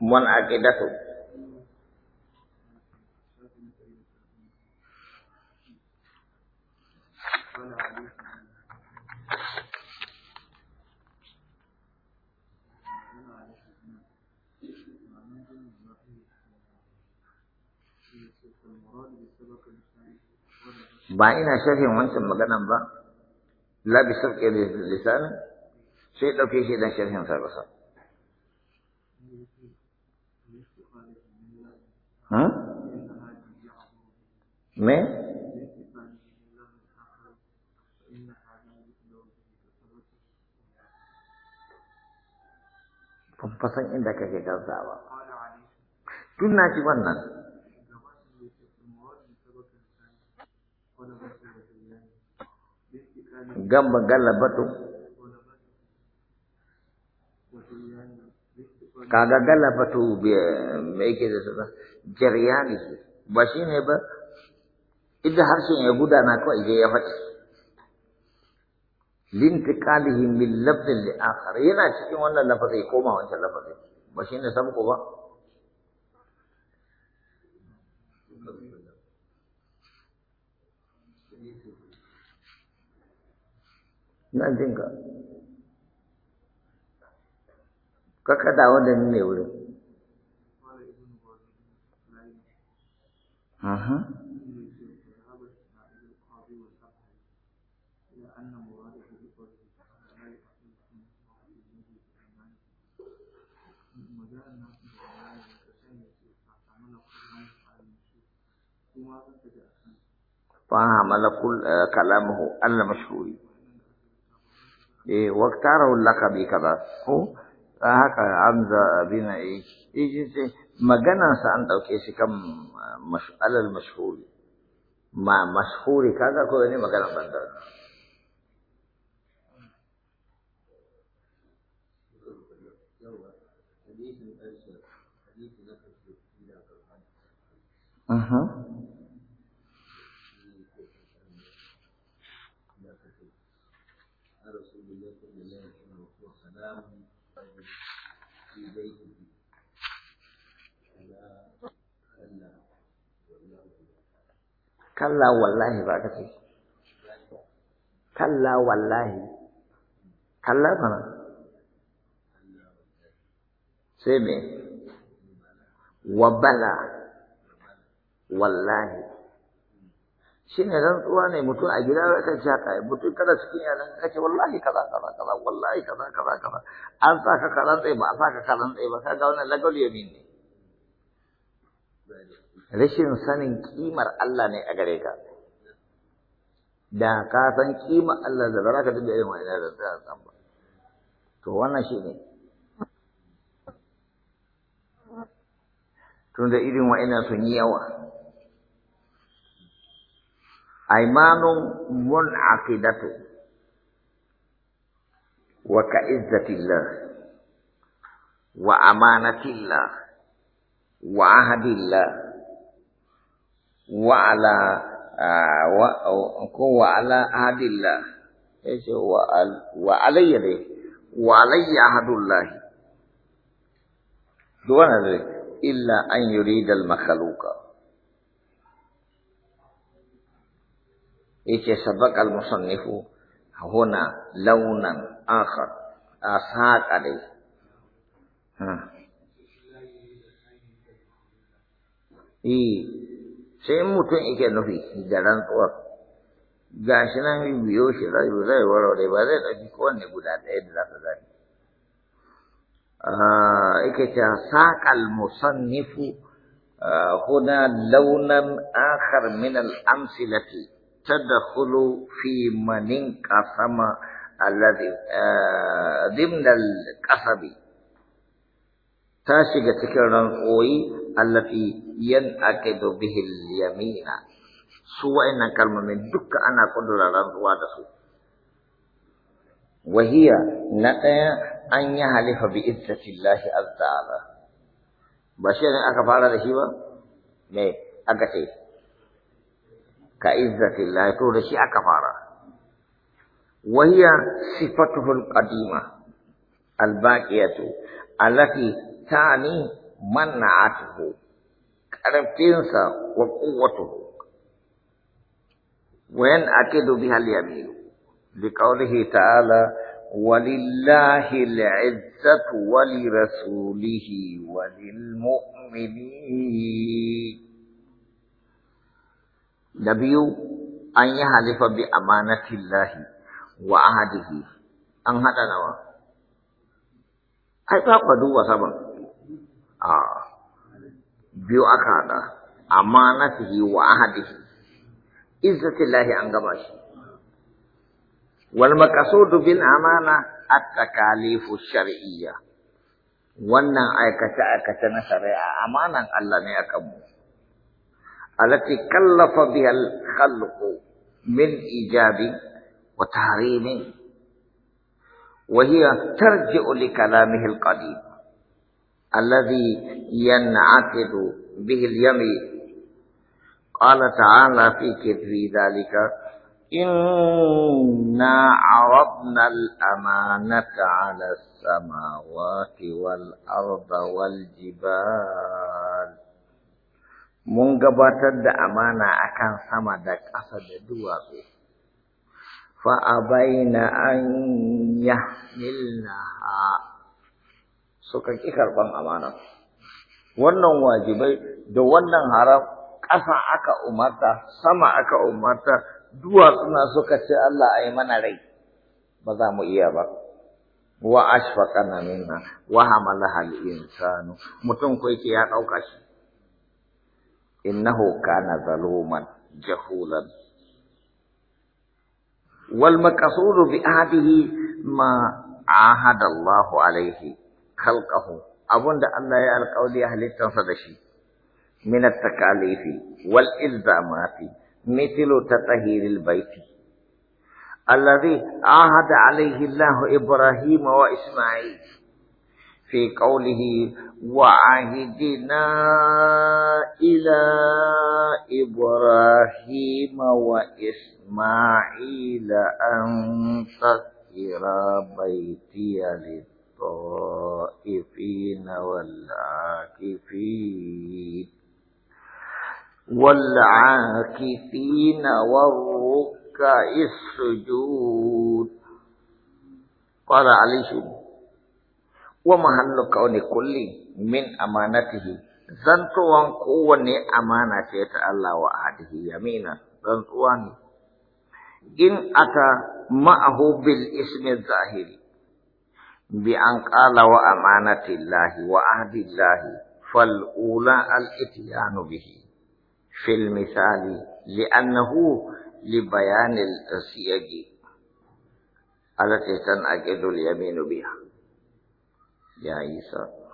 ake aqidatu ba ina sharhin wancan maganan ba la ke sabqi lisan sai ɗauke shi dan sharhin sarrafa. Me? Ban fasan inda kake gaza ba. Tun na ci wannan. Gamba galabatu. kaga galabatu me yake da su jaryani ba shi ne ba idan harshen ya gudana kawai je ya faɗi lintikalihi min lafzin li akhar yana cikin wannan lafazi koma wancan lafazi ba shi ne sabko ba ina jinka kakka da wanda ni ne wurin aha فعمل كل كلامه المشهور إيه واختاره اللقب كذا هو haka amza bina yi ce maganarsa an dauke shi kan mas'alal mashhuri ma mashhuri kaga ko ne magana banda Uh-huh. Kalla wallahi ba ka ce, kalla wallahi, kalla fana, sai me, wa bala wallahi, shi ne rantsuwa ne mutum a gida ka ce haka mutum kada cikin yaran ka ce wallahi kaza kaza kaza wallahi kaza kaza kaza an sa ka karan tsaye ba a sa ka karan tsaye ba ka ga wannan lagal yamin ne rashin sanin kimar Allah ne a gare ka da ka san kimar Allah da ba za ka irin wannan da rantsuwa san ba to wannan shi ne tunda irin wa'ina sun yi yawa أيمان منعقدة وكعزة الله وأمانة الله وعهد الله وعلى آه، وعلى عهد الله وعلي ده وعلي عهد الله دون ذلك إلا أن يريد المخلوق yace sabaq al musannifu huna launan akhar asaqa dai ha eh sai mutum yake nufi da rantsuwar gashi nan biyo shi zai zai warware ba zai ɗauki kowanne guda ɗaya da za ka gani yake ce saƙal musannifu huna launan akhar min al-amsilati تدخل في من انقسم الذي آه، ضمن القصب تاشي تكرن قوي التي ينعقد به اليمين سوى إن كلمة من دك أنا قدر رضوى دسو وهي نتا أن يحلف بإذة الله عز وجل بشير أكفار ذهبا ما أكفار كعزة الله تقول شيء كفارة وهي صفته القديمة الباقية التي تعني منعته كرمتنسا وقوته وين أكد بها اليمين لقوله تعالى ولله العزة ولرسوله وللمؤمنين da biyu an yi halifa bi amanatillahi wa ahadihi an haɗa nawa ai kwadu wa saman a biyu aka haɗa amanatihi wa ahadihi izzatillahi an gama shi wal maqasudu dubin amana A takalifu shari'iyya, wannan aikace aikace na shari'a amanan Allah ne a mu التي كلف بها الخلق من إيجاب وتحريم وهي ترجع لكلامه القديم الذي ينعقد به اليمين قال تعالى في كتب ذلك إنا عرضنا الأمانة على السماوات والأرض والجبال mun gabatar da amana akan sama da ƙasa da duwatsu fa bayyana an yahmilnaha suka ƙi karɓan amana wannan wajibai da wannan haram ƙasa aka umarta sama aka umarta duwatsu na suka ce Allah ayi mana rai ba za mu iya ba wa ashfaqana minna wa hamalaha al-insanu mutum ko ya ɗauka shi innahu kana zaluman jahulan wal maqsudu bi ahdihi ma ahada alaihi alayhi khalqahu abunda Allah ya alqawli ahli tansa da shi min wal takalifi wal ilzamati mithlu tatahiril baiti alladhi ahada alayhi Allahu Ibrahim wa Ismail في قوله وعهدنا إلى إبراهيم وإسماعيل أن تطهر بيتي للطائفين والعاكفين والعاكفين والركع السجود قال عليهم ومحل كون كل من أمانته zantowan kowanne amana ce ta Allah wa ahadihi yamina rantsuwa ne in ata ma'ahu bil ismi zahiri bi an qala wa amanati llahi wa ahdi llahi fal ula al ityanu bihi fil misali li'annahu li bayan al siyagi allati tanaqidu al yaminu biha ya sa